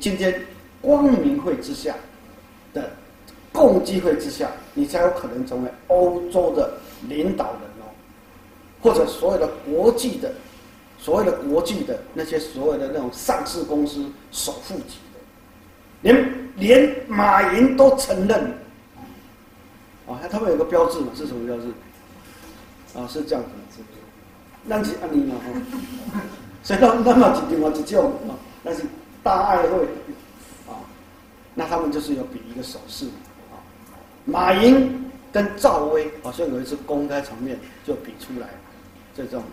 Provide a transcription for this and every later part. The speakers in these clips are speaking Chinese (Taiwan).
今天，光明會之下的共濟會之下，你才有可能成為歐洲的領導人哦，或者所有的國際的，所謂的國際的那些所謂的那種上市公司首富級的，連連馬雲都承認。啊，他們有個標誌嘛，是什麼標誌？啊，是這樣子的，是不是？咱是安尼嘛誰所以咱咱嘛是另去救種嘛？但是。大愛會，啊、哦，那他們就是要比一個手勢，啊、哦，馬雲跟趙薇好像有一次公開場面就比出來，這種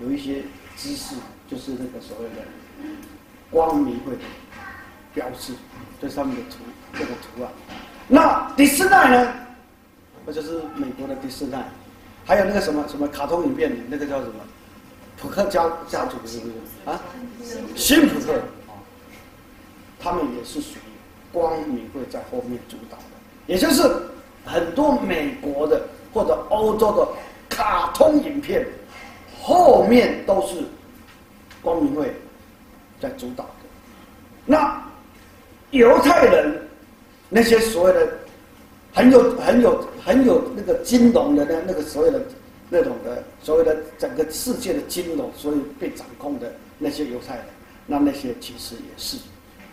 有一些姿勢就是那個所謂的光明會的標誌，這上面的圖這個圖案。那迪士尼呢，那就是美國的迪士尼，還有那個什麼什麼卡通影片，那個叫什麼撲克家家族是不是普啊？新撲克。他們也是屬於光明會在後面主導的，也就是很多美國的或者歐洲的卡通影片，後面都是光明會在主導的。那猶太人那些所謂的很有很有很有那個金融的那那個所謂的那種的所謂的整個世界的金融，所以被掌控的那些猶太人，那那些其實也是。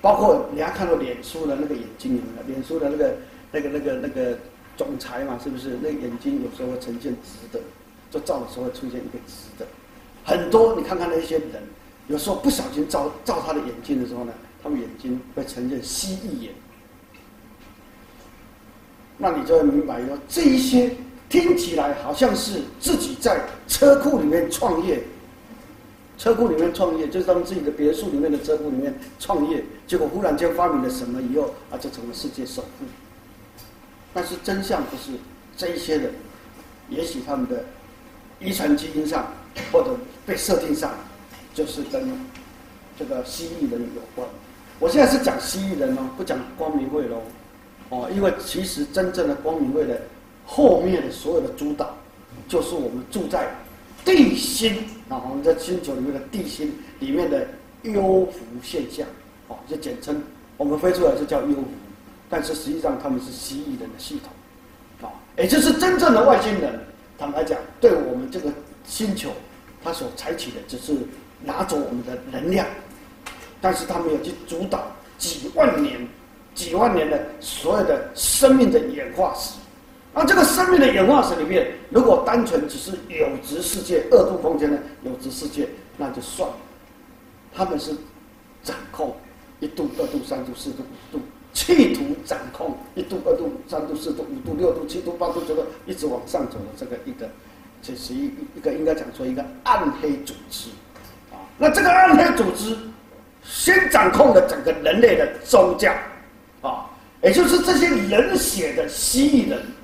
包括你還看到臉書的那個眼睛，臉書的那個那個那個那個總裁嘛，是不是？那個眼睛有時候會呈現直的，就照的時候會出現一個直的。很多你看看那些人，有時候不小心照照他的眼睛的時候呢，他們眼睛會呈現蜥蜴眼。那你就會明白說這一些聽起來好像是自己在車庫裡面創業。車庫裡面創業，就是他們自己的別墅裡面的車庫裡面創業，結果忽然間發明了什麼以後，啊，就成了世界首富，嗯。但是真相不是，這一些人，也許他們的遺傳基因上或者被設定上，就是跟這個蜥蜴人有關。我現在是講蜥蜴人哦，不講光明會嘍，哦，因為其實真正的光明會的後面的所有的主導，就是我們住在。地心，啊，我們在星球裡面的地心裡面的幽浮現象，啊，就簡稱我們飛出來就叫幽浮，但是實際上他們是蜥蜴人的系統，啊，也就是真正的外星人，坦白講，對我們這個星球，他所採取的只是拿走我們的能量，但是他沒有去主導幾萬年、幾萬年的所有的生命的演化史。啊，這個生命的演化史裡面，如果單純只是有值世界二度空間呢？有值世界那就算了。他們是掌控一度、二度、三度、四度、五度，企圖掌控一度、二度、三度、四度、五度、六度、七度、八度這個、就是、一直往上走的這個一個，這是一一個應該講說一個暗黑組織啊。那這個暗黑組織先掌控了整個人類的宗教啊，也就是這些冷血的蜥蜴人。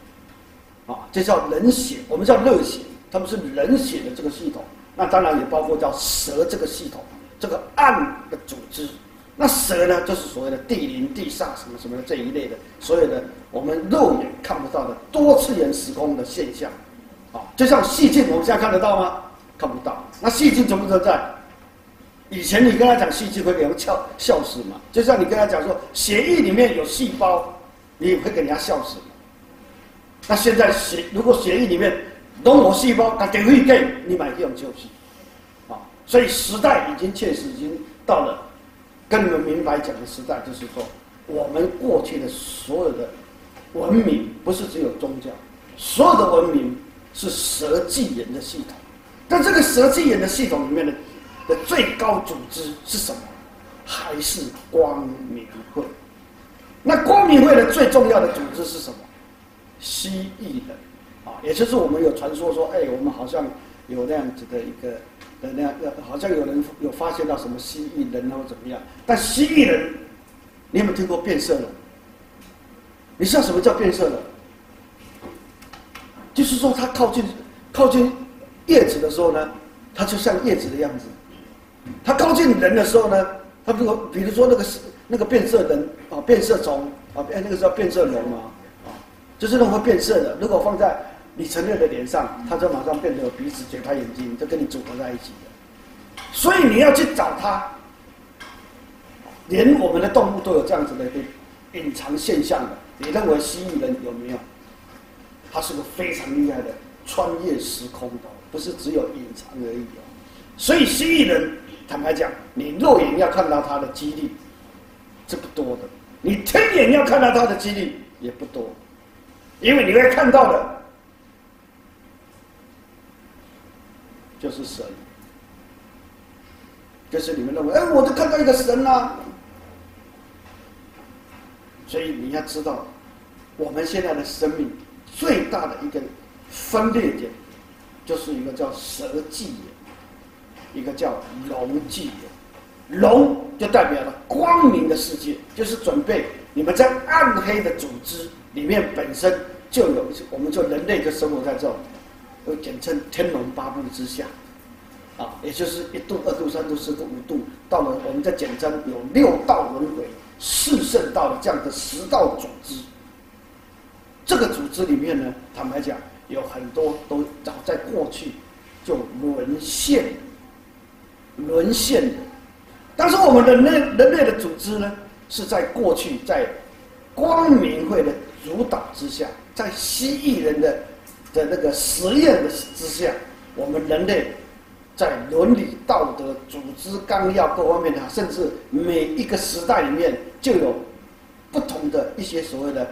啊，這、哦、叫冷血，我們叫熱血，他們是冷血的這個系統，那當然也包括叫蛇這個系統，這個暗的組織，那蛇呢，就是所謂的地靈地煞什麼什麼的這一類的，所有的我們肉眼看不到的多次元時空的現象，啊、哦，就像細菌，我們現在看得到嗎？看不到，那細菌全部都在。以前你跟他講細菌會，會給人笑，笑死嗎？就像你跟他講說血液裡面有細胞，你也會給人家笑死。那現在協如果協議裡面，融我細胞，他給於給你買這種東西，啊，所以時代已經確實已經到了，跟你們明白講的時代，就是說，我們過去的所有的文明，不是只有宗教，所有的文明是蜥蜴人的系統，但這個蜥蜴人的系統裡面的的最高組織是什麼？還是光明會？那光明會的最重要的組織是什麼？蜥蜴人，啊，也就是我們有傳說說，哎、欸，我們好像有那樣子的一個的那樣，好像有人有發現到什麼蜥蜴人，然後怎麼樣？但蜥蜴人，你有沒有聽過變色龍？你知道什麼叫變色龍？就是說，它靠近靠近葉子的時候呢，它就像葉子的樣子；它靠近人的時候呢，它比如比如說那個那個變色人，啊，變色蟲啊，那個叫變色龍嗎？就是那會變色的。如果放在你承認的臉上，它就馬上變得有鼻子、嘴巴、眼睛就跟你組合在一起的。所以你要去找它，連我們的動物都有這樣子的一個隱藏現象的。你認為蜥蜴人有沒有？它是個非常厲害的穿越時空的，不是只有隱藏而已哦、喔。所以蜥蜴人，坦白講，你肉眼要看到它的幾率，是不多的；你天眼要看到它的幾率，也不多。因為你們看到的，就是神，就是你們認為哎，我都看到一個神啦、啊。所以你要知道，我們現在的生命最大的一個分裂點，就是一個叫蛇紀元，一個叫龍紀元。龍就代表了光明的世界，就是準備你們在暗黑的組織。裡面本身就有，我們就人類就生活在這種，都簡稱天龍八部之下，啊，也就是一度、二度、三度、四度、五度，到了我們在簡稱有六道輪迴、四聖道的這樣的十道組織，這個組織裡面呢，坦白講，有很多都早在過去就淪陷、淪陷的，但是我們人類人類的組織呢，是在過去在光明會的。主導之下，在蜥蜴人的的那個實驗的之下，我們人類在倫理、道德、組織綱要各方面，甚至每一個時代裡面就有不同的一些所謂的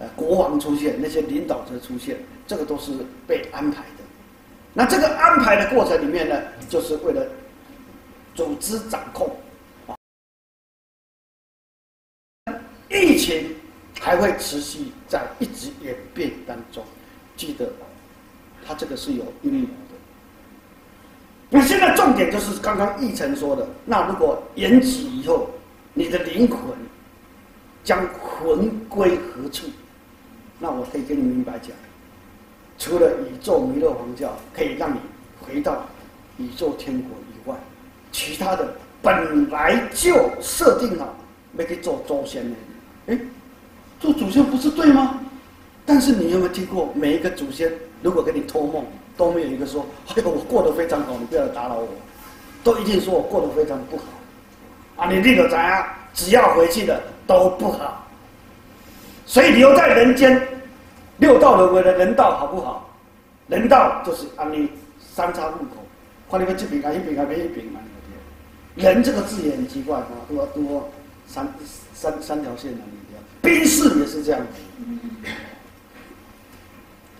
呃國王出現，那些領導者出現，這個都是被安排的。那這個安排的過程裡面呢，就是為了組織掌控，疫情。還會持續在一直演變當中。記得，它這個是有力量的。我現在重點就是剛剛奕層說的，那如果延遲以後，你的靈魂將魂歸何處？那我可以跟你明白講，除了宇宙彌勒皇教可以讓你回到宇宙天國以外，其他的本來就設定好沒去做周旋的。哎。做祖先不是對嗎？但是你有沒有聽過每一個祖先，如果給你托夢，都沒有一個說：“哎呦，我過得非常好，你不要打擾我。”都一定說我過得非常不好。啊，你那個咋樣？只要回去的都不好。所以你要在人間，六道輪迴的為了人道好不好？人道就是啊，你三岔路口，快點去吃餅乾、一餅乾、一餅。人這個字也很奇怪，多、啊、多、啊。三三三條線的怎兵士也是這樣子。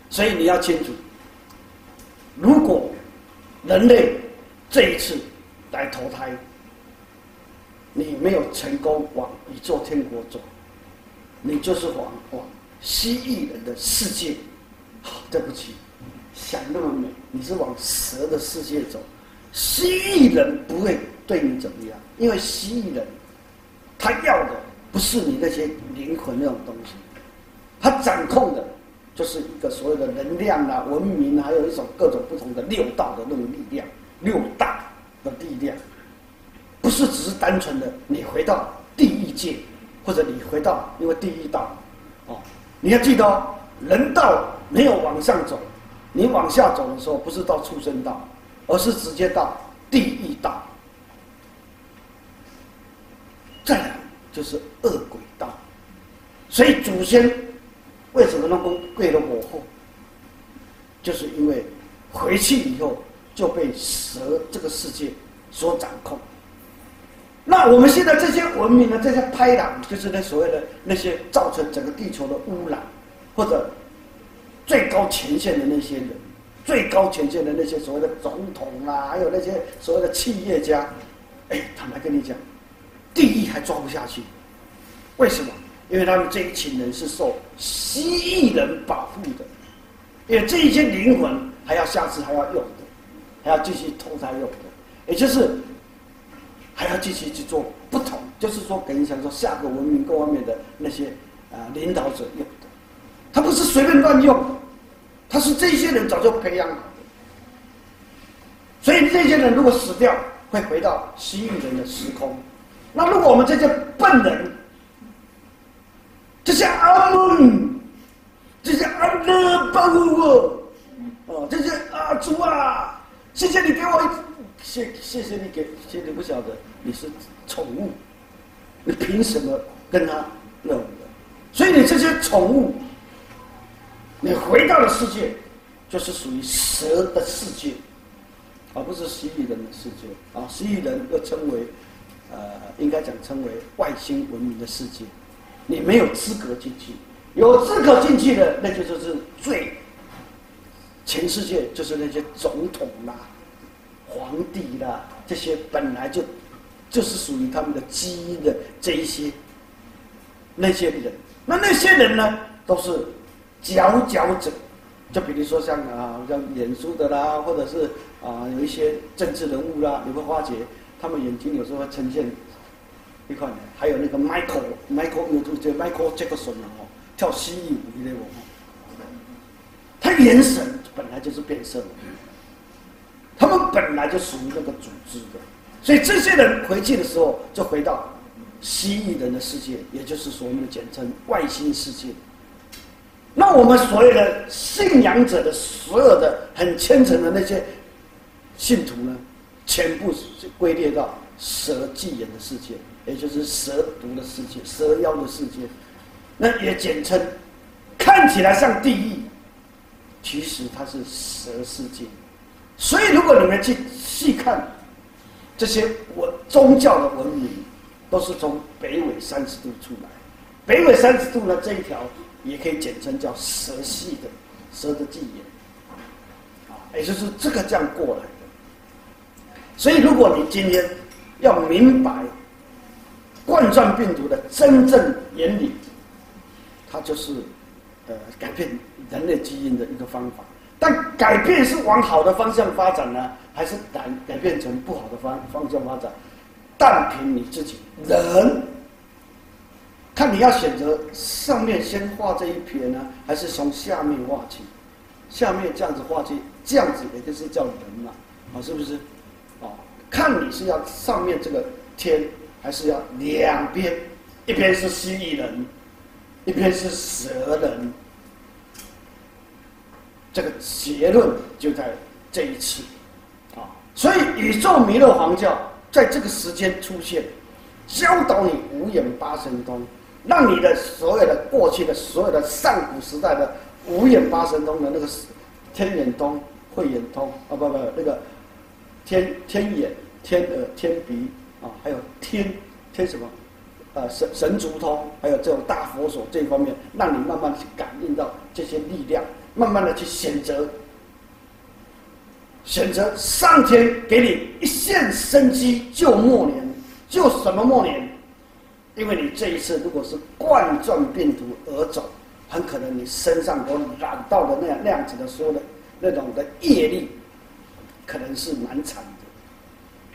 所以你要清楚，如果人類這一次來投胎，你沒有成功往宇宙天國走，你就是往往蜥蜴人的世界。好，對不起，想那麼美，你是往蛇的世界走。蜥蜴人不會對你怎麼樣，因為蜥蜴人。他要的不是你那些靈魂那種東西，他掌控的就是一個所有的能量啊、文明、啊，還有一種各種不同的六道的那種力量、六大的力量，不是只是單純的你回到地獄界，或者你回到因為地獄道，哦，你要記得、哦，人道沒有往上走，你往下走的時候不是到畜生道，而是直接到地獄道。再來就是惡鬼道，所以祖先為什麼能夠貴的火候？就是因為回去以後就被蛇這個世界所掌控。那我們現在這些文明的這些拍檔，就是那所謂的那些造成整個地球的汙染，或者最高權限的那些人，最高權限的那些所謂的總統啊，還有那些所謂的企業家，哎，坦白跟你講。利益還抓不下去，為什麼？因為他們這一群人是受蜥蜴人保護的，因為這一些靈魂還要下次還要用的，還要繼續投胎用的，也就是還要繼續去做不同，就是說跟你想說下個文明各方面的那些啊、呃、領導者用的，他不是隨便亂用的，他是這些人早就培養好的，所以這些人如果死掉，會回到蜥蜴人的時空。那如果我們這些笨人，這些阿夢這些阿勒包哦，啊，這些阿、啊、豬啊，謝謝你給我，謝謝謝你給，謝，謝你不曉得你是寵物，你憑什麼跟他熱吻？所以你這些寵物，你回到了世界，就是屬於蛇的世界，而不是蜥蜴人的世界啊！蜥蜴人又稱為。呃，應該講稱為外星文明的世界，你沒有資格進去。有資格進去的，那就是是最全世界就是那些總統啦、皇帝啦，這些本來就就是屬於他們的基因的這一些那些人。那那些人呢，都是佼佼者，就比如說像啊，像臉書的啦，或者是啊，有一些政治人物啦，你會發覺。他們眼睛，有時候會呈現一塊，還有那個 Michael，Michael，Michael Michael, Michael Jackson 哦，跳蜥蜴舞的我，他眼神本來就是變色的，他們本來就屬於那個組織的，所以這些人回去的時候，就回到蜥蜴人的世界，也就是所謂的簡稱外星世界。那我們所有的信仰者的所有的很虔誠的那些信徒呢？全部是歸列到蛇紀元的世界，也就是蛇毒的世界、蛇妖的世界，那也簡稱看起來像地獄，其實它是蛇世界。所以，如果你們去細看，這些我宗教的文明都是從北緯三十度出來，北緯三十度呢，這一條也可以簡稱叫蛇系的蛇的紀元，也就是這個這樣過來。所以，如果你今天要明白冠狀病毒的真正原理，它就是呃改變人類基因的一個方法。但改變是往好的方向發展呢，還是改改變成不好的方方向發展？但憑你自己人，人看你要選擇上面先畫這一撇呢，還是從下面畫起？下面這樣子畫起，這樣子也就是叫人了，啊，是不是？哦，看你是要上面這個天，還是要兩邊，一邊是蜥蜴人，一邊是蛇人，這個結論就在這一次，啊、哦，所以宇宙彌勒皇教在這個時間出現，教導你五眼八神通，讓你的所有的過去的所有的上古時代的五眼八神通的那個天眼通、慧眼通，啊、哦、不不那個。天天眼、天耳、天鼻，啊、哦，還有天天什麼？啊、呃，神神足通，還有這種大佛手這方面，讓你慢慢去感應到這些力量，慢慢的去選擇，選擇上天給你一線生機，就末年，就什麼末年？因為你這一次如果是冠狀病毒而走，很可能你身上都染到的那樣那樣子的說的，那種的業力。可能是蠻慘的，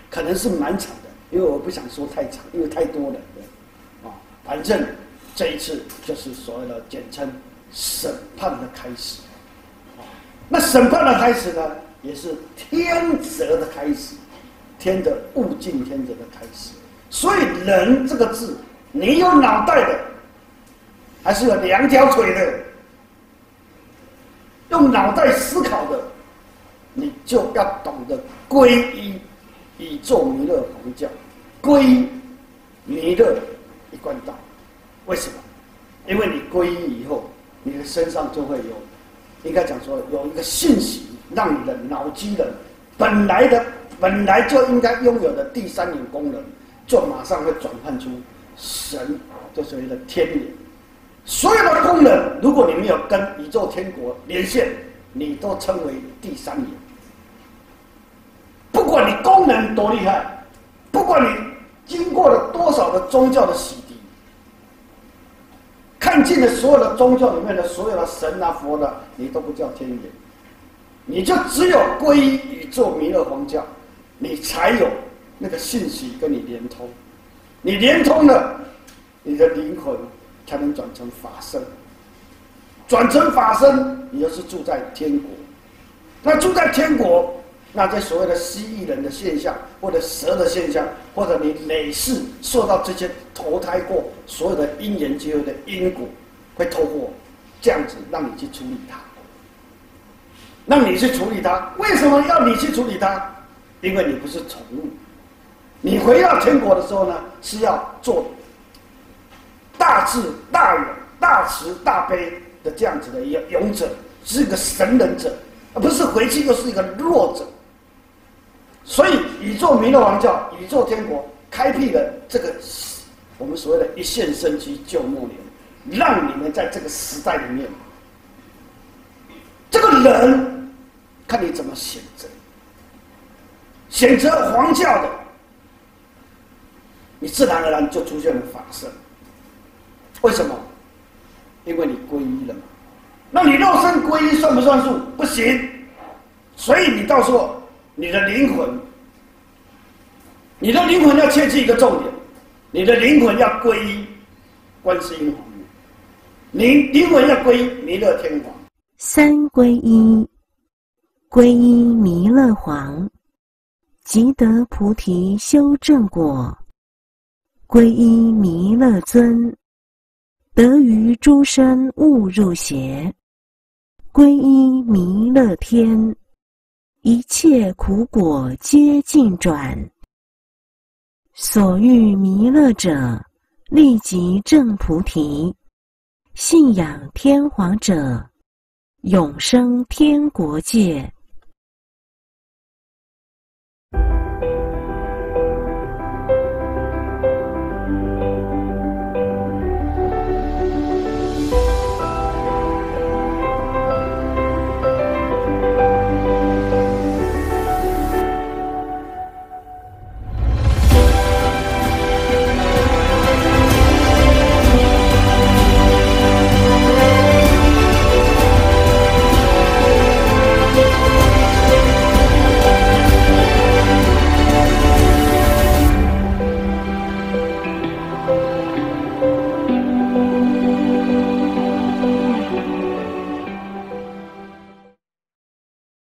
可能是蠻慘的，因為我不想說太慘，因為太多人了啊。反正這一次就是所謂的簡稱審判的開始啊。那審判的開始呢，也是天擇的開始，天擇物競天擇的開始。所以“人”這個字，你有腦袋的，還是有兩條腿的，用腦袋思考的。你就要懂得皈依宇宙彌勒皇教，皈依彌勒一貫道。為什麼？因為你皈依以後，你的身上就會有，應該講說有一個信息，讓你的腦機人本來的本來就應該擁有的第三眼功能，就馬上會轉換出神，就所謂的天眼。所有的功能，如果你沒有跟宇宙天國連線，你都稱為第三眼。不管你功能多厲害，不管你經過了多少的宗教的洗滌，看見了所有的宗教裡面的所有的神啊佛的啊，你都不叫天眼，你就只有皈依宇宙彌勒皇教，你才有那個信息跟你連通，你連通了，你的靈魂才能轉成法身，轉成法身，你就是住在天國，那住在天國，那些所謂的蜥蜴人的現象，或者蛇的現象，或者你累世受到這些投胎過所有的因緣結緣的因果，會透過這樣子讓你去處理它，讓你去處理它。為什麼要你去處理它？因為你不是寵物，你回到天國的時候呢，是要做大智大勇、大慈大悲的這樣子的一個勇者，是一個神人者，而不是回去又是一個弱者。所以，宇宙彌勒王教、宇宙天國開闢了這個我們所謂的一線生機救末年，讓你們在這個時代裡面，這個人看你怎麼選擇，選擇皇教的，你自然而然就出現了法身。為什麼？因為你皈依了嘛。那你肉身皈依算不算數？不行。所以你告訴我。你的靈魂，你的靈魂要切記一個重點，你的靈魂要皈依觀世音，靈靈魂要皈依彌勒天王。三皈依，皈依彌勒皇，即得菩提修正果；皈依彌勒尊，得於諸生勿入邪；皈依彌勒天。一切苦果皆盡轉，所欲彌勒者，立即證菩提；信仰天皇者，永生天國界。